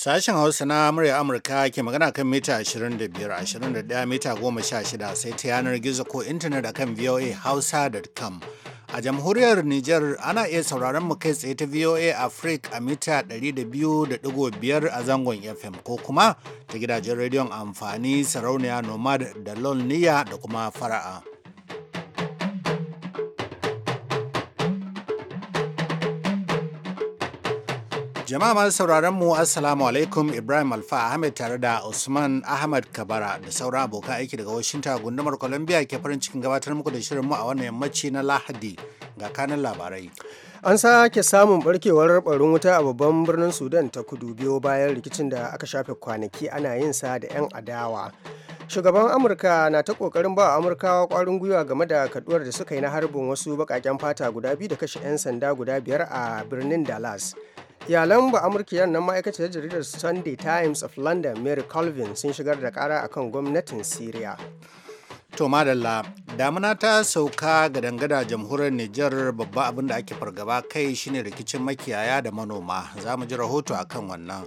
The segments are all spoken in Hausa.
Sashen Hausa na murya Amurka ke magana kan mita 25, 21 mita 16 sai ta yanar gizo ko intanet a kan akan voahausa.com. A jamhuriyar Nijar ana iya sauraron mu kai tsaye ta VOA Africa a mita 200.5 a zangon FM ko kuma ta gidajen rediyon amfani sarauniya Nomad da Lol da kuma Fara'a. Jama'a masu sauraron mu Assalamu alaikum Ibrahim Alfa Ahmed tare da Usman Ahmad Kabara da sauran abokan aiki daga Washington gundumar Columbia ke farin cikin gabatar muku da shirin mu a wannan yammaci na Lahadi ga kanan labarai. An sake samun barkewar barin wuta a babban birnin Sudan ta kudu biyo bayan rikicin da aka shafe kwanaki ana yin sa da 'yan adawa. shugaban amurka na ta kokarin ba amurkawa kwarin gwiwa game da kaduwar da suka yi na harbin wasu bakaken fata guda biyu da kashe 'yan sanda guda biyar a birnin dallas iyalan ba'amurkiyar nan ma'aikaciyar jaridar sunday times of london mary colvin sun shigar da kara akan gwamnatin syria to madalla damuna ta sauka ga dangada jamhuriyar niger babba abin da ake fargaba kai shine rikicin makiyaya da manoma za mu ji rahoto a kan wannan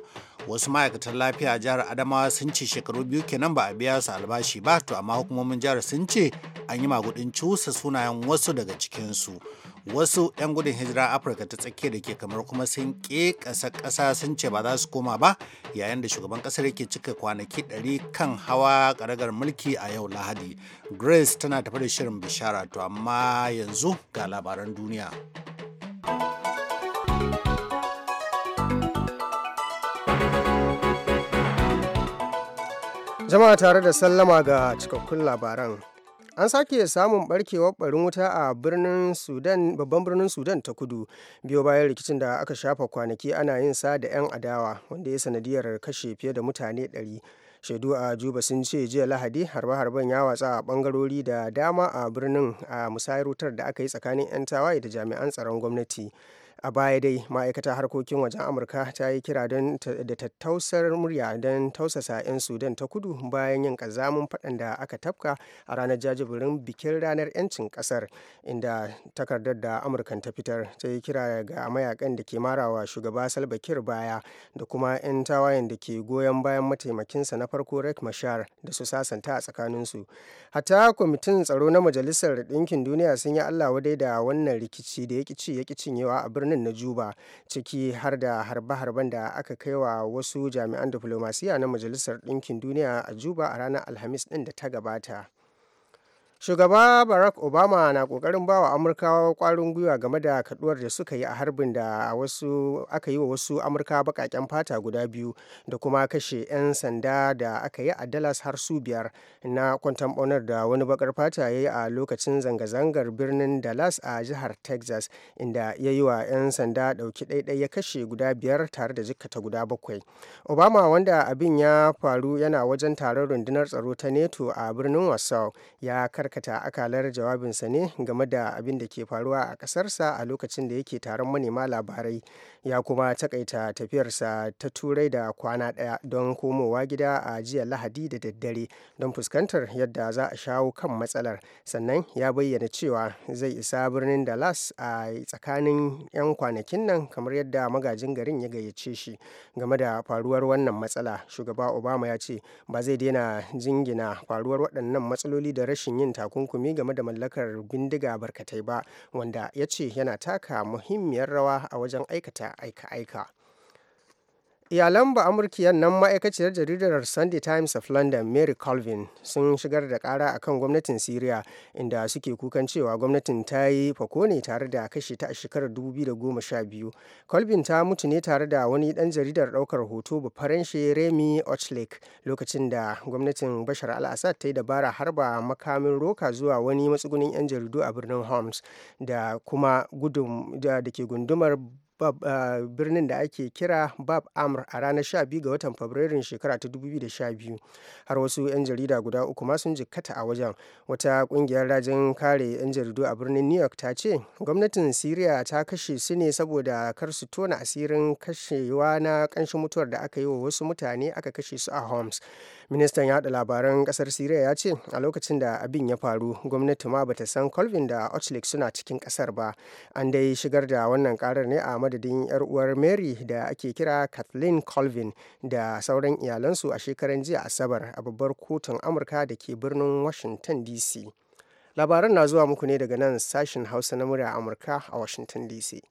wasu ma'aikatan lafiya jihar adamawa sun ce shekaru biyu kenan ba a biya su albashi ba to amma hukumomin jihar sun ce an yi magudin cusa sunayen wasu daga cikinsu wasu 'yan gudun hijira afirka ta tsakiya da ke kamar kuma sun ke ƙasa ƙasa sun ce ba za su koma ba yayin da shugaban ƙasar yake cika kwanaki 100 kan hawa karagar mulki a yau lahadi grace tana tafi da shirin bishara to amma yanzu ga labaran duniya jama'a tare da sallama ga cikakkun labaran an sake samun barkewar barin wuta a birnin sudan babban birnin sudan ta kudu biyo bayan rikicin da aka shafa kwanaki ana yin sa da 'yan adawa wanda ya sanadiyar kashe fiye da mutane 100 shaidu a juba sun ce jiya lahadi harba-harban ya watsa a bangarori da dama a birnin a musayar wutar da aka yi tsakanin 'yan tawaye da jami'an tsaron gwamnati a baya dai ma'aikata harkokin wajen amurka ta yi kira da tattausar murya don tausasa 'yan sudan ta kudu bayan yin kazamin faɗan da aka tafka a ranar jajibirin bikin ranar 'yancin ƙasar inda takardar da amurkan ta fitar ta yi kira ga mayakan da ke marawa shugaba salbakir kir baya da kuma 'yan tawayen da ke goyon bayan mataimakinsa na farko rek mashar da su sasanta a tsakaninsu hatta kwamitin tsaro na majalisar ɗinkin duniya sun yi allah wadai da wannan rikici da ya ci ya cinyewa a birnin birnin na juba ciki har da harbe-harben da aka kai wa wasu jami'an diflomasiya na majalisar ɗinkin duniya a juba a ranar alhamis ɗin da ta gabata shugaba barack obama na kokarin bawa amurkawa kwarin gwiwa game da kaduwar da suka yi a harbin da aka yi wa wasu amurka bakaken fata guda biyu da kuma kashe 'yan sanda da aka yi a dallas har su biyar na kwantan bonar da wani bakar fata ya yi a lokacin zanga-zangar birnin dallas a jihar texas inda ya yi wa 'yan sanda dauki ɗaiɗai ya kashe guda biyar tare da jikkata guda bakwai obama wanda abin ya faru yana wajen taron rundunar tsaro ta neto a birnin wasau ya dakata akalar jawabinsa ne game da abin da ke faruwa a kasarsa a lokacin da yake taron manema labarai ya kuma takaita tafiyarsa ta turai da kwana ɗaya don komowa gida a jiya lahadi da daddare don fuskantar yadda za a shawo kan matsalar sannan ya bayyana cewa zai isa birnin dallas a tsakanin 'yan kwanakin nan kamar yadda magajin garin ya gayyace shi game da faruwar wannan matsala shugaba obama ya ce ba zai daina jingina faruwar waɗannan matsaloli da rashin yin takunkumi game da mallakar bindiga barkatai ba wanda ya ce yana taka muhimmiyar rawa a wajen aikata aika-aika. iyalan ba'amurkiyar nan ma'aikaciyar jaridar sunday times of london mary colvin sun shigar da kara akan gwamnatin syria inda suke kukan cewa gwamnatin ta yi fakone tare da kashe ta a shekarar 2012 colvin ta mutu ne tare da wani dan jaridar daukar hoto bafaranshe remy ochlake lokacin da gwamnatin bashar al ta yi dabara harba makamin roka zuwa wani matsugunin yan jaridu a birnin homs da kuma gudun da ke gundumar Ah, birnin da ake kira bab amr a ranar 12 ga watan fabrairun shekara ta 2012 har wasu 'yan jarida guda uku ma sun jikkata a wajen wata kungiyar rajin kare 'yan jaridu a birnin new york ta ce gwamnatin syria ta kashe su ne saboda kar su tona asirin kashewa na kanshin mutuwar da aka yi wa wasu mutane aka kashe su a homs ministan yada labaran kasar siriya ya ce a lokacin da abin ya faru gwamnati ma bata san colvin da ochlik suna cikin kasar ba an dai shigar da wannan karar ne a madadin yar uwar mary da ake kira kathleen colvin da sauran iyalansu a shekaran jiya asabar a babbar kotun amurka da ke birnin washington dc labaran na zuwa muku ne daga nan sashen hausa na murya amurka a washington dc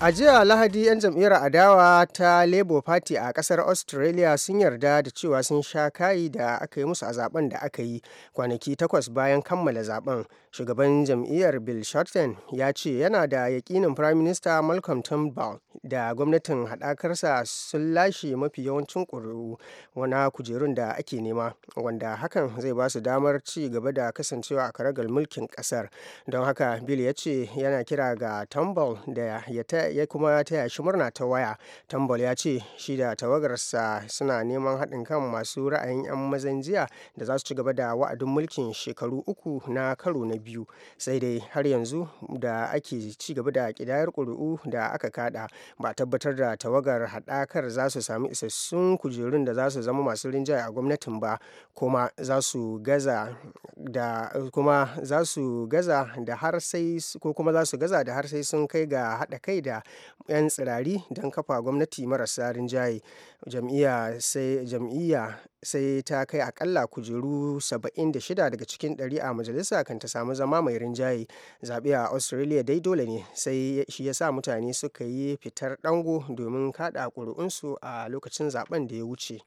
a jiya lahadi 'yan jam'iyyar adawa ta labour party a kasar australia sun yarda da cewa sun sha kayi da aka yi musu a zaben da aka yi kwanaki takwas bayan kammala zaben shugaban jam'iyyar bill shorten ya ce yana da yakinin prime minister malcolm turnbull da gwamnatin haɗakarsa sun lashe mafi yawancin ƙuri'u wana kujerun da ake nema wanda hakan zai ba su damar ci gaba da kasancewa a karagar mulkin ƙasar don haka bill ya ce yana kira ga turnbull da ya ya kuma taya shi murna ta waya tambol ya ce shi da tawagarsa suna neman haɗin kan masu ra'ayin 'yan mazan jiya da za su ci gaba da wa'adin mulkin shekaru uku na karo na biyu sai dai har yanzu da ake ci gaba da kidayar ƙuri'u da aka kada ba tabbatar da tawagar haɗakar za su sami isassun kujerun da za su zama masu rinjaye a gwamnatin ba kuma za su gaza da ko kuma za su gaza da har sai sun kai ga haɗa kai da 'yan tsirari don kafa gwamnati marasa rinjaye jam'iyya sai jam'iyya sai ta kai akalla kujeru 76 daga cikin 100 a majalisa kan ta samu zama mai rinjaye zaɓe a australia dai dole ne sai shi ya sa mutane suka yi fitar dango domin kaɗa ƙuri'unsu a lokacin zaben da ya wuce.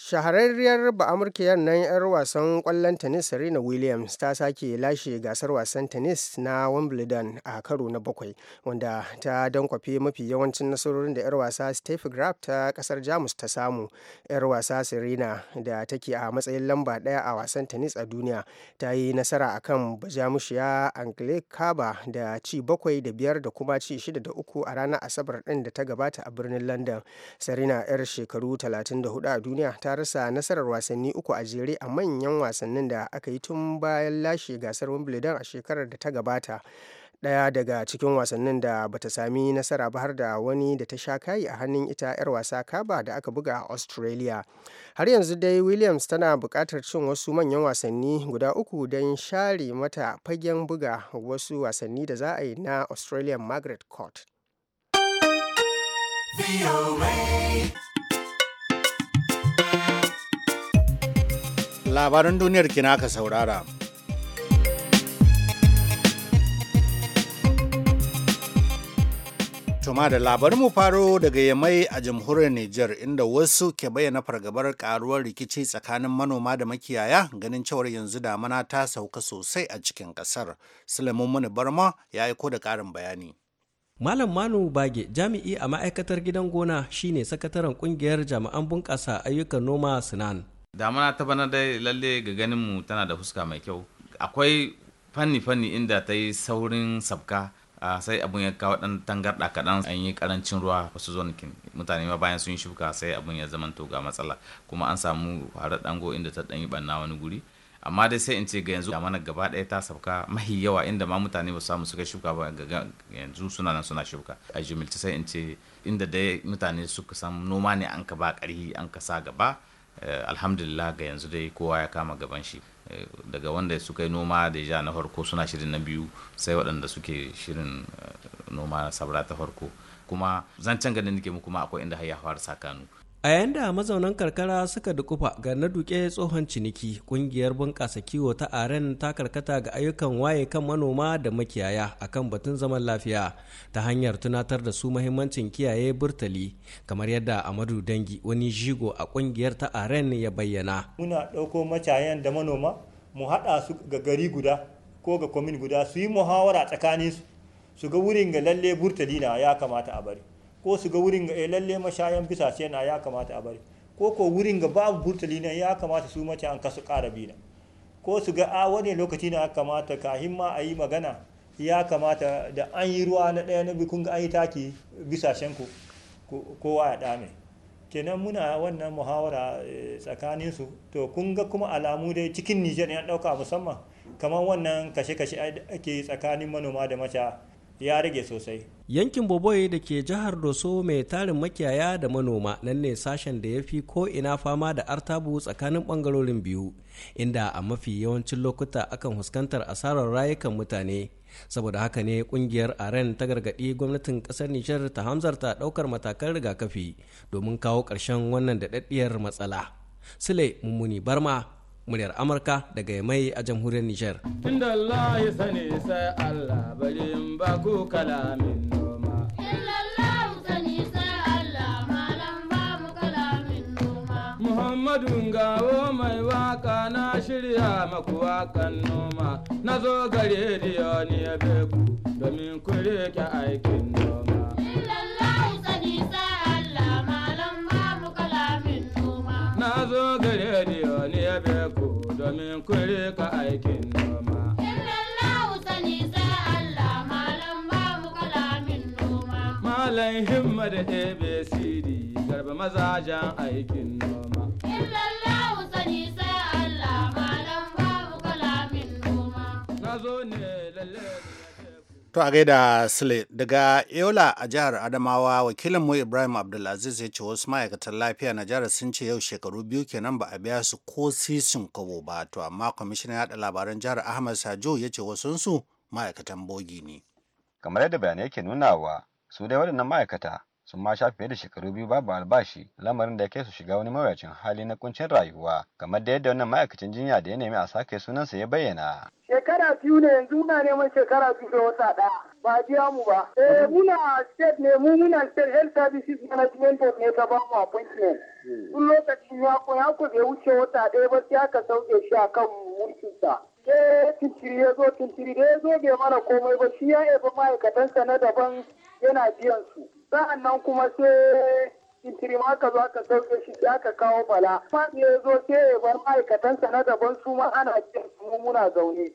shahararriyar ba'amurkiyar nan 'yar wasan kwallon tennis serena williams ta sake lashe gasar wasan tennis na wimbledon a karo na bakwai wanda ta dankwafe mafi yawancin nasarorin da 'yar wasa steffi graf ta kasar jamus ta samu 'yar wasa serena da take a matsayin lamba daya a wasan tennis a duniya ta yi nasara a kan bajamushiya angle kaba da ci bakwai da biyar da kuma ci shida da uku a ranar asabar din da ta gabata a birnin london serena 'yar shekaru 34 a duniya ta ta rasa nasarar wasanni uku a jere a manyan wasannin da aka yi tun bayan lashe gasar wimbledon a shekarar da ta gabata daya daga cikin wasannin da bata sami nasara ba har da wani da ta sha kayi a hannun ita 'yar wasa kaba da aka buga a australia har yanzu dai williams tana bukatar cin wasu manyan wasanni guda uku don share mata fagen buga wasu wasanni da za a yi na australian margaret court labaran duniyar kina ka saurara. Tuma da labarin mu faro daga yamai a jamhuriyar Nijar inda wasu ke bayyana fargabar karuwar rikici tsakanin manoma da makiyaya ganin cewar yanzu damana ta sauka sosai a cikin kasar. Sulaimun Muni Barma ya aiko da karin bayani. Malam Manu Bage jami'i a ma'aikatar gidan gona shine sakataren kungiyar jami'an bunƙasa ayyukan noma Sinan. damana ta bana dai lalle ga ganinmu tana da fuska mai kyau akwai fanni-fanni inda ta yi saurin sabka sai abun ya kawo dan tangarda kaɗan an yi karancin ruwa wasu zonikin mutane ma bayan sun shuka sai abun ya zama ga matsala kuma an samu farar dango inda ta ɗanyi ɓanna banna wani guri amma dai sai in ce ga yanzu mana gaba ɗaya ta sauka mahi yawa inda ma mutane ba samu suka shuka ba ga yanzu suna nan suna shuka a jimilci sai in ce inda dai mutane suka samu noma ne an ka ba ƙarhi an ka sa gaba Eh, alhamdulillah ga yanzu dai kowa ya kama gaban shi eh, daga wanda suka yi noma da ja na farko suna shirin na biyu sai waɗanda suke shirin eh, noma sabra ta farko kuma zancen ganin nake muku ma akwai inda har ya fara sakanu a yayin da mazaunan karkara suka dukufa ga na duke tsohon ciniki kungiyar bunƙasa kiwo ta aren ta karkata ga ayyukan waye kan manoma da makiyaya akan batun zaman lafiya ta hanyar tunatar da su mahimmancin kiyaye burtali kamar yadda amadu dangi wani jigo a kungiyar ta aren ya bayyana muna ɗauko macayan da manoma mu haɗa su ga gari guda ko ga kwamin guda su yi muhawara tsakaninsu su ga wurin ga lalle burtali na ya kamata a bari ko su ga wurin ga eh, lalle mashayan bisa sai na ya kamata a bari ko ko wurin ga babu burtali na ya kamata su mace an kasu ƙara bi na ko su ga a wani lokaci na kamata kahin ma a yi magana ya kamata da an yi ruwa na ɗaya na bikun ga an yi taki bisashen ku kowa ya dame kenan muna wannan muhawara eh, tsakanin su to kun ga kuma alamu dai cikin nijar ya ɗauka musamman kamar wannan kashe-kashe ake tsakanin manoma da mace. ya rage sosai yankin boboye da ke jihar doso mai tarin makiyaya da manoma nan ne sashen da ya fi ko ina fama da artabu tsakanin bangarorin biyu inda a mafi yawancin lokuta akan fuskantar asarar rayukan mutane saboda haka ne kungiyar aren ta gargaɗi gwamnatin ƙasar nijar ta hamzarta ɗaukar matakan rigakafi domin kawo ƙarshen wannan daɗaɗɗiyar matsala sule mummuni barma muryar amurka daga mai a jamhuriyar nijar tunda allah ya sani sai allah bari in kalamin noma Muhammadu gawo mai waƙa na shirya maku wakan noma na zo gare ni ya beku domin ku rike aikin noma rediyo ne ya be ku domin ku rika aikin noma. Illallahu sani sai Allah malam ba mu kalamin noma. Malam himma da ABCD garba mazajen aikin noma. Illallahu To a gaida Sule daga Eola a jihar Adamawa wakilin mu Ibrahim Abdulaziz ya ce wasu ma'aikatan lafiya na jihar sun ce yau shekaru biyu kenan ba a biya su ko sisin kobo ba to amma kwamishinan yaɗa labaran jihar Ahmad Sajo ya ce wasu su ma'aikatan bogi ne. Kamar yadda bayanai ke nunawa su dai waɗannan ma'aikata sun ma shafe da shekaru biyu babu albashi lamarin da ya su shiga wani mawuyacin hali na kuncin rayuwa kamar da yadda wannan ma'aikacin jinya da ya nemi a sake sunansa ya bayyana. Shekara biyu ne yanzu muna neman shekara biyu da wata ɗaya. ba biya mu ba. Eh muna state ne mu muna state health services management ne ta ba mu appointment. Tun hmm. lokacin ya ko ya ko bai wuce wata ɗaya ba sai aka sauke shi a kan mulkinsa. sai eh, tintiri ya zo tintiri da ya zo bai mana komai ba shi ya yabi ma'aikatansa na daban yana biyan su sa'an nan kuma sai tintiri ma aka zo aka sauke shi sai aka kawo bala ma ya zo sai ya bar ma'aikatansa na daban su ma ana biyan su mu muna zaune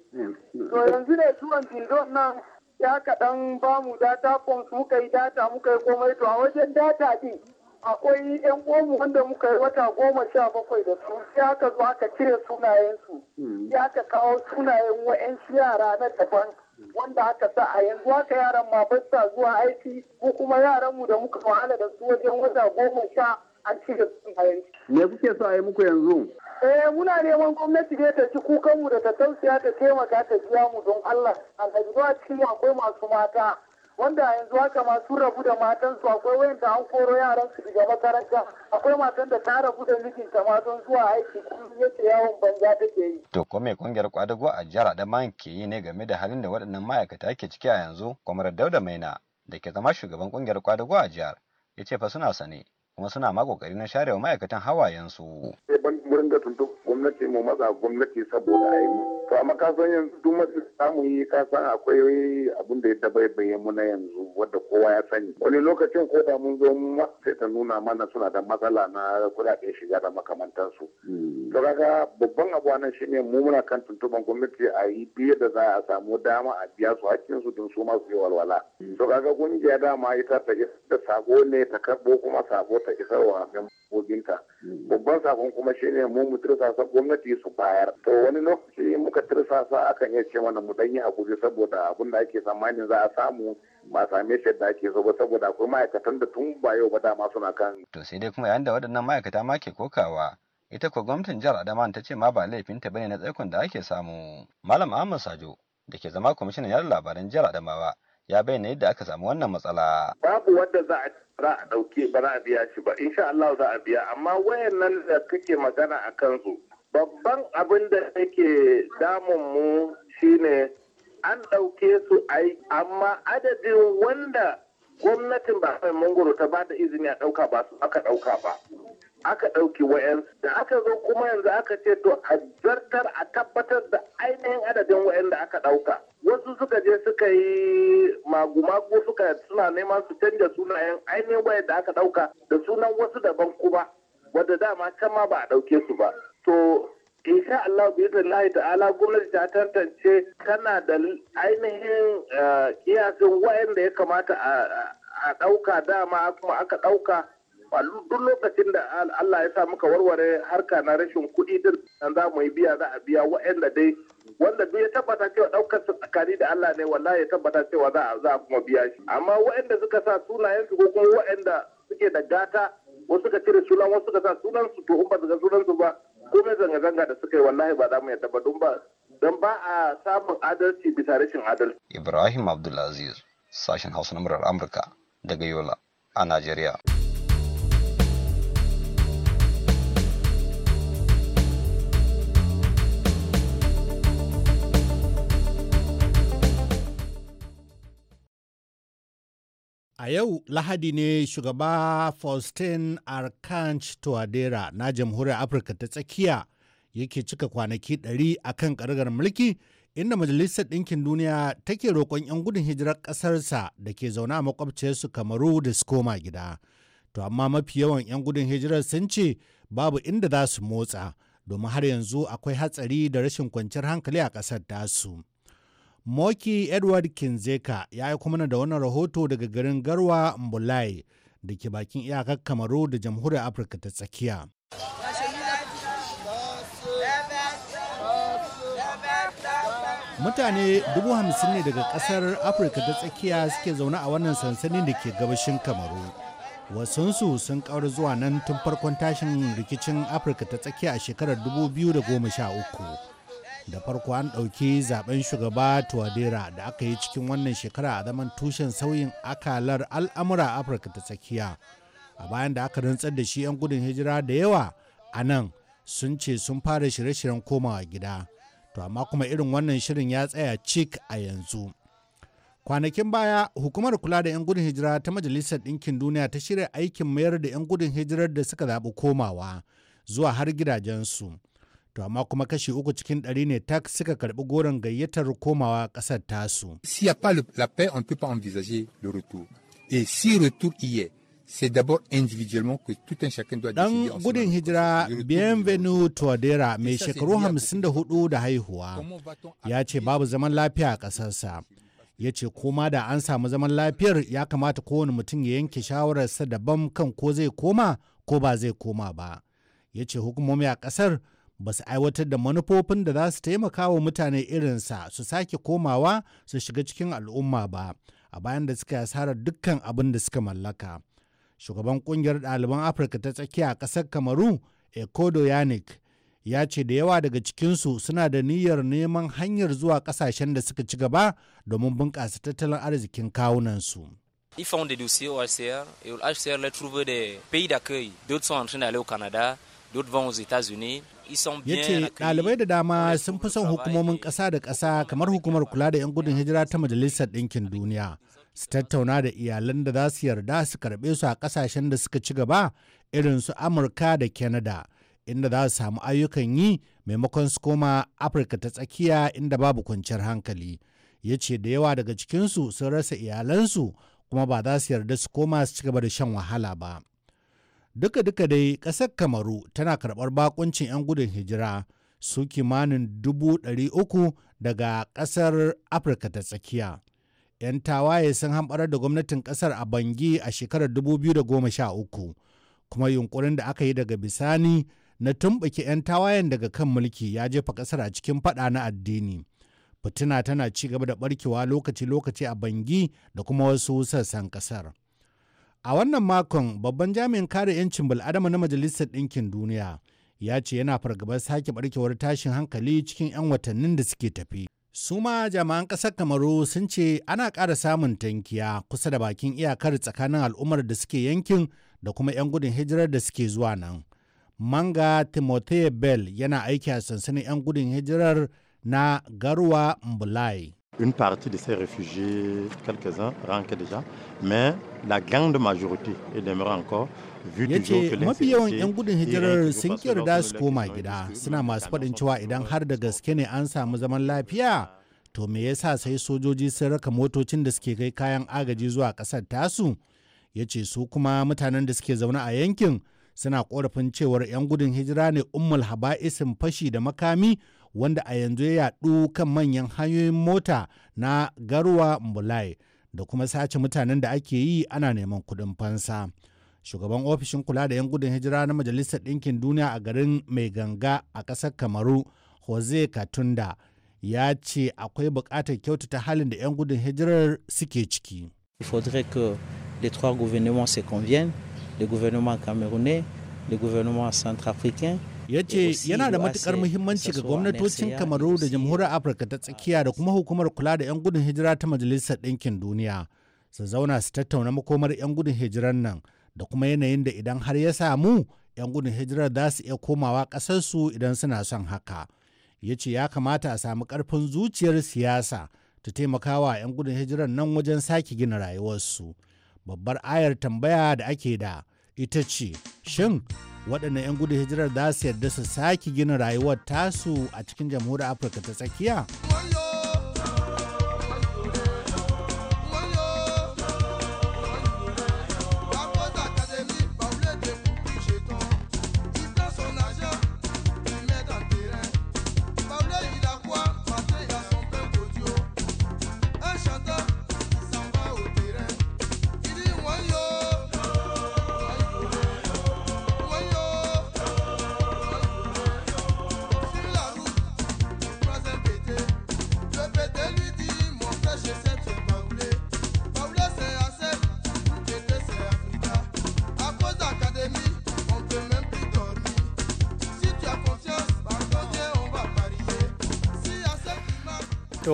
to yanzu ne zuwan bildon nan ya kaɗan ba mu data muka yi data muka yi komai to a wajen data ɗin. akwai yan uwanmu wanda muka yi wata goma sha bakwai da su sai aka zo aka cire sunayensu ya hmm. aka kawo sunayen wa'yansu yara na daban wanda aka sa a yanzu aka yaran ma ba sa zuwa aiki ko kuma yaran mu da muka wahala da su wajen wata goma sha an cire sunayensu. me kuke so a yi muku yanzu? eh muna neman gwamnati ne ta ci kukanmu da ta tausaya ta taimaka ta biya mu don Allah alhaji ba cikin akwai masu mata wanda a yanzu haka masu rabu da matansu akwai wayanta an koro yaran su daga makaranta akwai matan da ta rabu da mijin ta matan zuwa aiki kuma yace yawon banza take yi to ko me kungiyar kwadago a jihar Adamawa ke yi ne game da halin da waɗannan ma'aikata ke ciki a yanzu kwamar Dauda Maina da ke zama shugaban kungiyar kwadago a jihar yace fa suna sane kuma suna ma kokari na sharewa ma'aikatan hawayensu. Sai ban murin da tuntu gwamnati mu maza gwamnati saboda a yi mu. to amma ka san yanzu duk masu samu yi ka san akwai abin da ya dabaibaye muna na yanzu wadda kowa ya sani wani lokacin ko da mun zo mu sai ta nuna mana suna da matsala na kudaden shiga da makamantansu hmm. to kaga babban abu nan shine mu muna kan tuntuban gwamnati a yi biye da za a samu dama a biya su hakkin su don su ma su yi walwala hmm. to kaga kungiya dama ita ta da sako ne ta karbo kuma sako ta isarwa membobinta hmm. babban sakon kuma shine mu mutum sa gwamnati su bayar to wani lokaci muka sasa akan iya ce mana mu danyi hakuri saboda abun da ake tsammanin za a samu ba same shi da ake so ba saboda akwai ma'aikatan da tun ba yau ba dama suna kan. To sai dai kuma yayin da waɗannan ma'aikata ma ke kokawa ita ko gwamnatin jihar Adama ta ce ma ba laifinta bane na tsaikon da ake samu. Malam Ahmad Sajo da ke zama kwamishinan yar labaran jihar Adamawa ya bayyana yadda aka samu wannan matsala. Babu wanda za a za a ɗauke ba za a biya shi ba insha Allah za a biya amma wayannan da kake magana a kansu babban abin da yake mu shine an ɗauke su ai amma adadin wanda gwamnatin ba mai mangoro ta ba da izini a ɗauka ba su aka ɗauka ba aka ɗauki wayansu da aka zo kuma yanzu aka ce to a zartar a tabbatar da ainihin adadin wayan da aka ɗauka wasu suka je suka yi magu-magu suka suna neman su canja sunayen ainihin wayan da aka ɗauka da sunan wasu daban kuma wadda dama can ma ba a ɗauke su ba to insha Allah Allah ta'ala gwamnati ta tantance tana da ainihin eh, kiyasin wayanda ya kamata a ɗauka dama kuma aka ɗauka duk lokacin da Allah ya sa muka warware harka na rashin kuɗi din nan za mu yi biya za a biya wa'anda dai wanda duk ya tabbata cewa daukar su tsakani da Allah ne wallahi ya tabbata cewa za a za kuma biya shi amma wa'anda suka sa sunayen su ko kuma wa'anda suke da gata wasu suka cire sunan wasu suka sa sunan su to in ba su ga sunan su ba kuma zanga-zanga da suka yi wallahi ba za mu yadda ba don ba don ba a samun adalci bisa rashin adalci. Ibrahim Abdulaziz, sashen Hausa na murar Amurka daga Yola a Najeriya. A yau Lahadi ne shugaba Faustin Arkanch Tuadera na Jamhuriyar Afirka ta tsakiya yake cika kwanaki 100 a kan ƙargar mulki inda Majalisar Ɗinkin Duniya take roƙon 'yan gudun hijirar ƙasarsa da ke zaune a makwabciyarsu kamaru da su koma gida. To amma mafi yawan 'yan gudun hijirar sun ce babu inda za su motsa domin har yanzu akwai hatsari da rashin kwanciyar hankali a ƙasar tasu. Moki Edward Kinzeka ya yi kuma da wani rahoto daga garin Garwa Mbulai da ke bakin iyakar Kamaru da Jamhuriyar Afirka ta tsakiya. Mutane dubu hamsin ne daga ƙasar Afirka ta tsakiya suke zaune a wannan sansanin da ke gabashin Kamaru. Wasansu sun kawar zuwa nan tun farkon tashin rikicin Afirka ta tsakiya a shekarar 2013. da farko an ɗauki zaben shugaba tuwadera da aka yi cikin wannan shekara a zaman tushen sauyin akalar al'amura afirka ta tsakiya a bayan da aka rantsar da shi 'yan gudun hijira da yawa a nan sun ce sun fara shirye-shiryen komawa gida to amma kuma irin wannan shirin ya tsaya cik a yanzu kwanakin baya hukumar kula da 'yan gudun hijira ta majalisar ɗinkin duniya ta shirya aikin mayar da 'yan gudun hijirar da suka zaɓi komawa zuwa har gidajensu. to amma kuma kashi uku cikin ɗari ne ta suka karɓi goron gayyatar komawa ƙasar tasu. Si a pas la paix, on ne peut pas envisager le retour. Et si retour y est, c'est d'abord individuellement Dan gudun hijira Bienvenu Todera mai shekaru hudu da haihuwa ya ce babu zaman lafiya a ƙasarsa. ya ce koma da an samu zaman lafiyar ya kamata kowane mutum ya yanke shawararsa daban kan ko zai koma ko ba zai koma ba ya ce hukumomi a ƙasar ba su aiwatar da manufofin da za su taimaka wa mutane irinsa su sake komawa su shiga cikin al'umma ba a bayan da suka hasarar dukkan abin da suka mallaka shugaban kungiyar ɗaliban afirka ta tsakiya a ƙasar kamaru ekodo yanik ya ce da yawa daga cikinsu suna da niyyar neman hanyar zuwa ƙasashen da suka ci gaba domin bunƙasa tattalin arzikin kawunansu. Ils font des dossiers au HCR et au HCR les trouver des pays d'accueil. D'autres sont en train d'aller au Canada, d'autres vont aux États-Unis. Yace ce ɗalibai da dama sun fi son hukumomin ƙasa da ƙasa kamar hukumar kula da 'yan gudun hijira ta majalisar ɗinkin duniya su tattauna da iyalan da za su yarda su karɓe su a ƙasashen da suka ci gaba irin su amurka da canada inda za su samu ayyukan yi maimakon su koma afirka ta tsakiya inda babu kwanciyar hankali yace da yawa daga cikinsu sun rasa iyalansu kuma ba za su yarda su koma su ci gaba da shan wahala ba. duka duka dai ƙasar kamaru tana karɓar bakuncin 'yan gudun hijira su kimanin dubu ɗari uku daga ƙasar afirka ta tsakiya 'yan tawaye sun hamɓarar da gwamnatin ƙasar a bangi a shekarar 2013 kuma yunkurin da aka yi daga bisani na tumɓuke 'yan tawayen daga kan mulki ya jefa ƙasar a cikin faɗa na addini Fitina tana ci gaba da ɓarkewa lokaci-lokaci a bangi da kuma wasu sassan ƙasar. A wannan makon babban jami'in kare 'yancin bil'adama na Majalisar Ɗinkin Duniya ya ce yana fargabar sake barkewar tashin hankali cikin 'yan watannin da suke tafi. Su ma jami'an ƙasar Kamaru sun ce ana ƙara samun tankiya kusa da bakin iyakar tsakanin al'ummar da suke yankin da kuma 'yan gudun hijirar da suke zuwa nan. Manga Timothy Bell yana aiki a sansanin 'yan gudun hijirar na Garwa Mbulai. Une partie de ces réfugiés, quelques-uns, rentrent déjà, mais la grande majorité est demeurée encore ya mafi yawan 'yan gudun hijirar sun yarda su koma gida suna masu faɗin cewa idan har da gaske ne an samu zaman lafiya to me yasa sai sojoji sun raka motocin da suke kai kayan agaji zuwa ƙasar tasu ya ce su kuma mutanen da suke zaune a yankin suna korafin cewar 'yan gudun hijira ne ummul haba'isin fashi da makami wanda a yanzu ya yaɗu kan manyan hanyoyin mota na garwa mbulai da kuma sace mutanen da ake yi ana neman kudin fansa shugaban ofishin kula da 'yan gudun hijira na majalisar ɗinkin duniya a garin mai ganga a ƙasar kamaru jose katunda ya ce akwai buƙatar kyautata halin da 'yan gudun hijirar suke ciki Il les trois le gouvernement camerounais, le gouvernement centrafricain ya ce yana da matukar muhimmanci ga gwamnatocin kamaru da jamhuriyar afirka ta tsakiya da kuma hukumar kula da 'yan gudun hijira ta majalisar ɗinkin duniya su zauna su tattauna makomar 'yan gudun hijirar nan da kuma yanayin da idan har ya samu 'yan gudun hijirar za su iya komawa ƙasarsu idan suna son haka ya ce ya kamata a samu ƙarfin zuciyar siyasa ta taimakawa 'yan gudun hijirar nan wajen sake gina rayuwarsu babbar ayar tambaya da ake da ita ce shin waɗanda 'yan gudun hijirar za su yarda su sake gina rayuwar tasu a cikin jamhuriyar afirka ta tsakiya?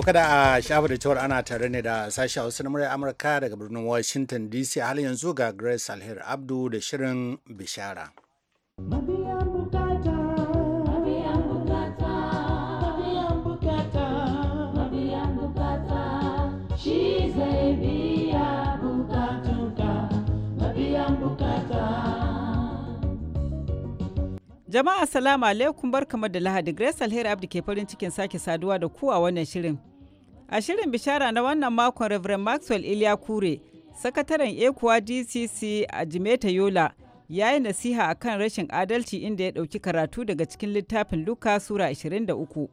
kada a shafa da cewar ana tare ne da sashi hausa na murya amurka daga birnin washington dc hal yanzu ga grace alher abdu da shirin bishara Jama'a salamu alaikum barkamu da Lahadi Grace Alheri Abdi ke farin cikin sake saduwa da ku wannan shirin. A shirin bishara na wannan makon Reverend Maxwell Iliya Kure, sakataren ekuwa DCC a Jimeta Yola, ya yi nasiha kan rashin adalci inda ya ɗauki karatu daga cikin littafin Luka Sura 23.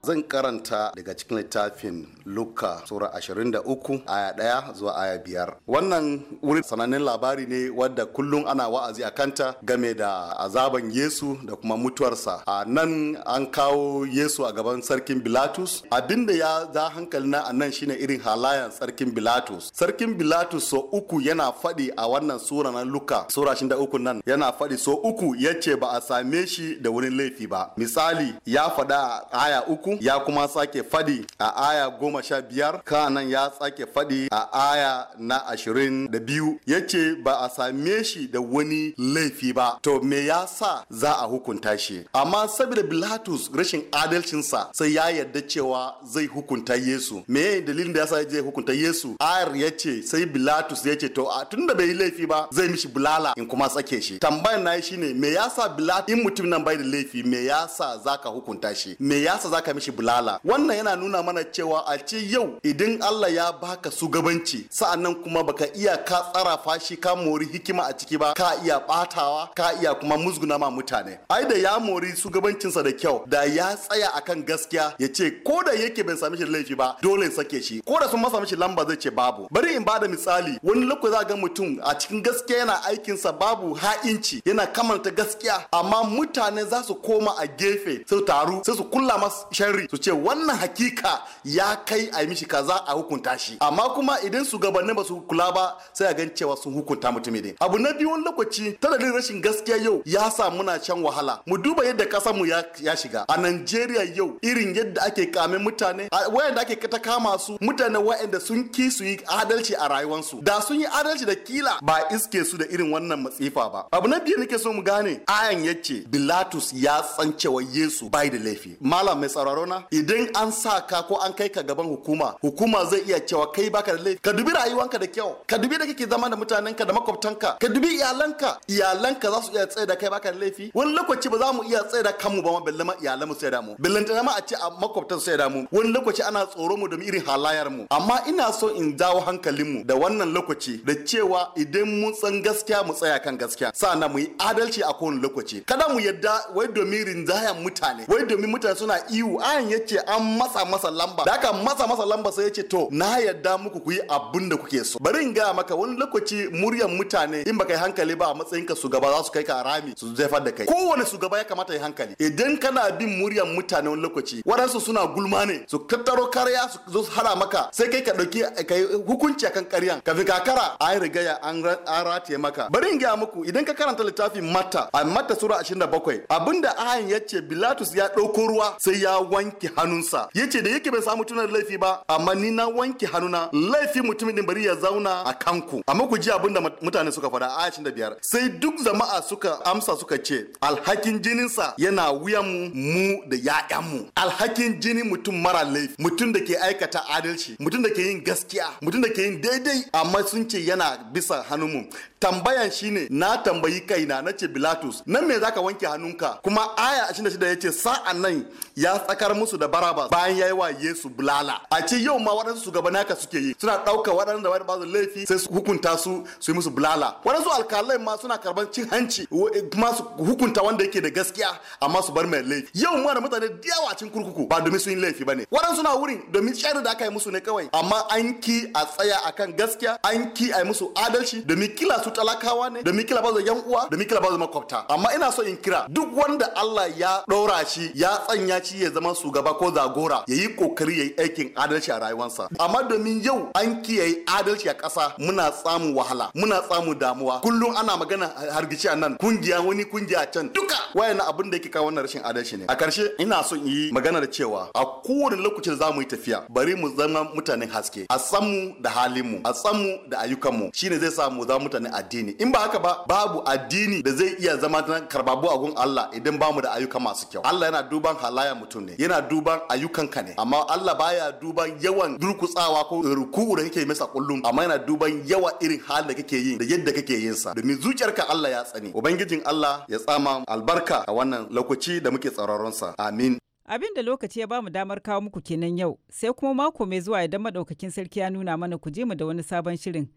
Zan karanta daga cikin littafin Luka Sura 23 aya ɗaya zuwa aya biyar. Wannan wurin sanannen labari ne wadda kullum ana wa'azi a kanta game da azaban Yesu da kuma mutuwarsa. A nan an kawo Yesu a gaban sarkin Bilatus. Abinda ya za hankali na a nan shine irin halayen sarkin Bilatus. Sarkin Bilatus so uku yana faɗi a wannan sura na Luka Sura 23 nan yana faɗi so uku yace ba a same shi da wurin laifi ba. Misali ya faɗa aya uku uku ya kuma sake fadi a aya goma sha biyar kanan ya sake fadi a aya na ashirin da biyu ya ce ba a same shi da wani laifi ba to me ya sa za a hukunta shi amma saboda bilatus rashin adalcinsa sai ya yarda cewa zai hukunta yesu me dalilin da ya sa zai hukunta yesu ayar ya ce sai bilatus ya ce to a tun da bai yi laifi ba zai mishi bulala in kuma sake shi tambayar na shine me ya sa bilatus in mutum nan bai da laifi me ya sa za ka hukunta shi me ya sa za ka mishi bulala wannan yana nuna mana cewa a ce yau idan Allah ya baka shugabanci sa'annan kuma baka iya ka tsara fashi ka mori hikima a ciki ba ka iya batawa ka iya kuma musguna ma mutane ai da ya mori sa da kyau da ya tsaya akan gaskiya ya ce ko da yake ban sami shi laifi ba dole in sake shi ko da sun masa mishi lamba zai ce babu bari in bada misali wani lokaci za ga mutum a cikin gaskiya yana aikin sa babu ha'inci yana kamanta gaskiya amma mutane za su koma a gefe su taru sai su kulla masa sharri su ce wannan hakika ya kai a mishi kaza a hukunta shi amma kuma idan su gabanin ba su kula ba sai a gan cewa sun hukunta mutum ne abu na biyu wani lokaci tadadin rashin gaskiya yau ya sa muna shan wahala mu duba yadda kasar mu ya shiga a Najeriya yau irin yadda ake kame mutane wayanda ake ta kama su mutane wayanda sun ki su yi adalci a rayuwarsu da sun yi adalci da kila ba iske su da irin wannan matsifa ba abu na biyu nake so mu gane ayan yace Bilatus ya san cewa Yesu bai da laifi malam mai tsararo corona idan an sa ka ko an kai ka gaban hukuma hukuma zai iya cewa kai baka da laifi ka dubi rayuwanka da kyau ka dubi da kake zama da mutanenka da makwabtanka ka dubi iyalanka iyalanka za su iya tsaye da kai baka da laifi wani lokaci ba za mu iya tsaye da kanmu ba ma balle ma iyalan mu sai da mu billanta a ce a makwabtan sai da mu wani lokaci ana tsoro mu domin irin halayar mu amma ina so in jawo mu da wannan lokaci da cewa idan mun san gaskiya mu tsaya kan gaskiya sa'an mu yi adalci a kowane lokaci kada mu yadda wai domin rinjayen mutane wai domin mutane suna iwu Ryan ya ce an matsa masa lamba da aka matsa masa lamba sai ya ce to na yarda muku ku yi abin da kuke so bari in gaya maka wani lokaci muryan mutane in baka yi hankali ba a matsayin ka shugaba za su kai ka rami su zaifar da kai kowane shugaba ya kamata ya hankali idan kana bin muryan mutane wani lokaci waɗansu suna gulma ne su tattaro karya su zo su hana maka sai kai ka ɗauki ka yi hukunci akan karyan kafin kakara yi rigaya an rataye maka bari in gaya muku idan ka karanta littafin mata a mata sura 27 abinda ayan ya ce bilatus ya ɗauko ruwa sai ya wani wanke hannunsa ce da yake bai samu tunar laifi ba amma ni na wanke hannuna laifi mutumin din bari ya zauna a kanku amma ku ji abin da mutane suka faɗa a da biyar sai duk jama'a suka amsa suka ce alhakin jininsa yana wuyan mu da ya'yanmu alhakin jini mutum mara laifi mutum da ke aikata adalci mutum da ke yin gaskiya mutum da ke yin daidai amma sun ce yana bisa hannunmu tambayan shine na tambayi kaina na ce bilatus nan me zaka wanke hannunka kuma aya 26 ya ce sa'an nan ya tsaka. shigar musu da barabas bayan yi wa yesu bulala a ce yau ma waɗansu shugabanni haka suke yi suna ɗauka waɗanda wani ba su laifi sai su hukunta su su yi musu bulala waɗansu alkalai ma suna karɓar cin hanci eh, kuma su hukunta wanda yake da gaskiya amma su bar mai laifi yau ma da mutane da yawa cikin kurkuku ba domin sun yi laifi ne waɗansu na wurin domin tsari da aka yi musu ne kawai amma an ki a tsaya akan gaskiya an ki a yi musu adalci domin kila su talakawa ne domin kila ba su yan uwa domin kila ba su makwabta amma ina so in kira duk wanda Allah ya ɗora shi ya tsanya shi ya zama shugaba ko zagora ya yi kokari ya yi aikin adalci a rayuwarsa amma domin yau an kiyaye adalci a ƙasa muna samun wahala muna samu damuwa kullum ana magana hargici a nan kungiya wani kungiya can duka wayan abin da yake kawo wannan rashin adalci ne a ƙarshe ina so son yi magana da cewa a kowane lokacin za mu yi tafiya bari mu zama mutanen haske a samu da halinmu a samu da ayyukanmu shine zai sa mu zama mutanen addini in ba haka ba babu addini da zai iya zama karbabu a gun Allah idan bamu da ayyuka masu kyau Allah yana duban halayen mutum ne yana duban ayyukan ka ne amma Allah baya duban yawan durkutsawa ko ruku'u da kake masa kullum amma yana duban yawa irin halin da kake yi da yadda kake yin sa domin zuciyarka Allah ya tsani ubangijin Allah ya tsama albarka a wannan lokaci da muke tsararon sa amin Abin da lokaci ya bamu damar kawo muku kenan yau, sai kuma mako mai zuwa idan madaukakin sarki ya nuna mana ku je mu da wani sabon shirin.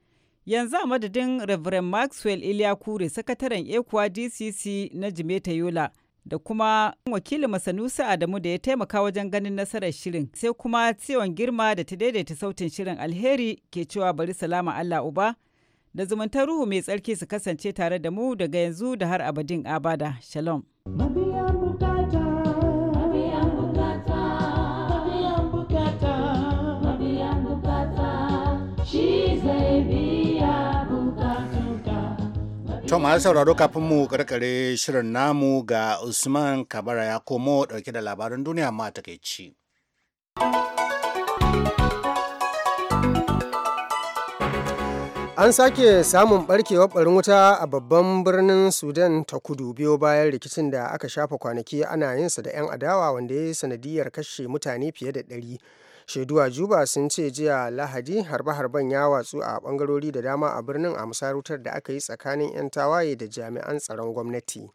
Yanzu a madadin Reverend Maxwell Iliya Kure, sakataren ekuwa DCC na Jimeta Yola, da kuma wakilin Masanusa Adamu da ya taimaka wajen ganin nasarar shirin sai kuma ciwon girma da ta daidaita sautin shirin alheri ke cewa bari salama Allah Uba da zumuntar ruhu mai tsarki su kasance tare da mu daga yanzu da har abadin abada. Shalom. To masu sauraro kafin mu karkare shirin namu ga Usman Kabara ya komo dauke da labarin duniya ma takaici. An sake samun barkewar barin wuta a babban birnin Sudan ta kudu biyo bayan rikicin da aka shafa kwanaki ana yinsa da 'yan adawa wanda ya yi sanadiyar kashe mutane fiye da ɗari. shaidu juba sun ce jiya lahadi harbe-harben ya watsu a bangarori da dama a birnin a musarautar da aka yi tsakanin 'yan tawaye da jami'an tsaron gwamnati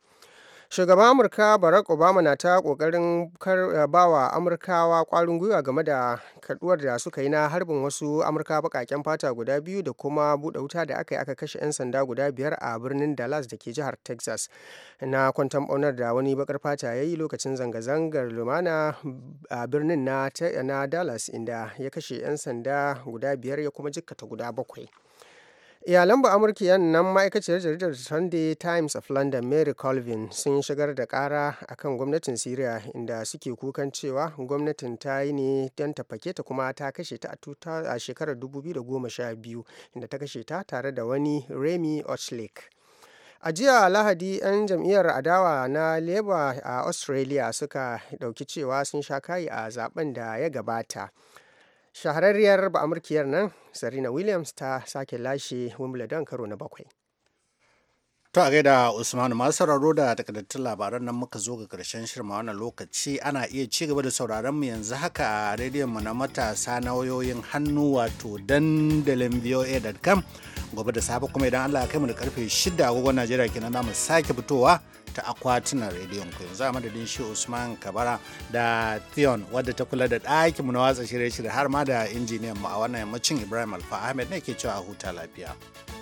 shugaban amurka barack obama na ta kokarin eh, bawa amurkawa kwarin gwiwa game da kaduwar da suka yi na harbin wasu amurka bakaken fata guda biyu da kuma buɗe wuta da aka yi aka kashe 'yan sanda guda biyar a birnin dallas da ke jihar texas na kwantan ɓaunar da wani bakar fata ya yi lokacin zanga-zangar lumana a birnin na dallas inda ya kashe 'yan sanda guda biyar ya kuma jikkata guda bakwai iyalan ba amurkiyan nan ma'aikaciyar jaridar sunday times of london mary colvin sun shigar da kara akan gwamnatin syria inda suke kukan cewa gwamnatin ta yi ne don ta fake ta kuma ta kashe ta a shekarar 2012 inda ta kashe ta tare da wani remy Ochlik. a jiya lahadi 'yan jam'iyyar adawa na labour a australia suka dauki cewa sun sha kayi a zaben da ya gabata shahararriyar ba'amurkiyar nan serena williams ta sake lashe wimbledon karo na bakwai To a gaida Usmanu masu sauraro da takardattun labaran nan muka zo ga karshen shirma wannan lokaci ana iya ci gaba da sauraron mu yanzu haka a rediyon mu na matasa na wayoyin hannu wato dandalin voa.com gobe da safe kuma idan Allah ya kai mu da karfe 6 agogon Najeriya kenan za mu sake fitowa ta akwatunan rediyon ku yanzu a madadin shi Usman Kabara da Theon wadda ta kula da ɗakin mu na watsa shirye-shirye har ma da injiniyan mu a wannan yammacin Ibrahim Alfa Ahmed ne ke cewa a huta lafiya.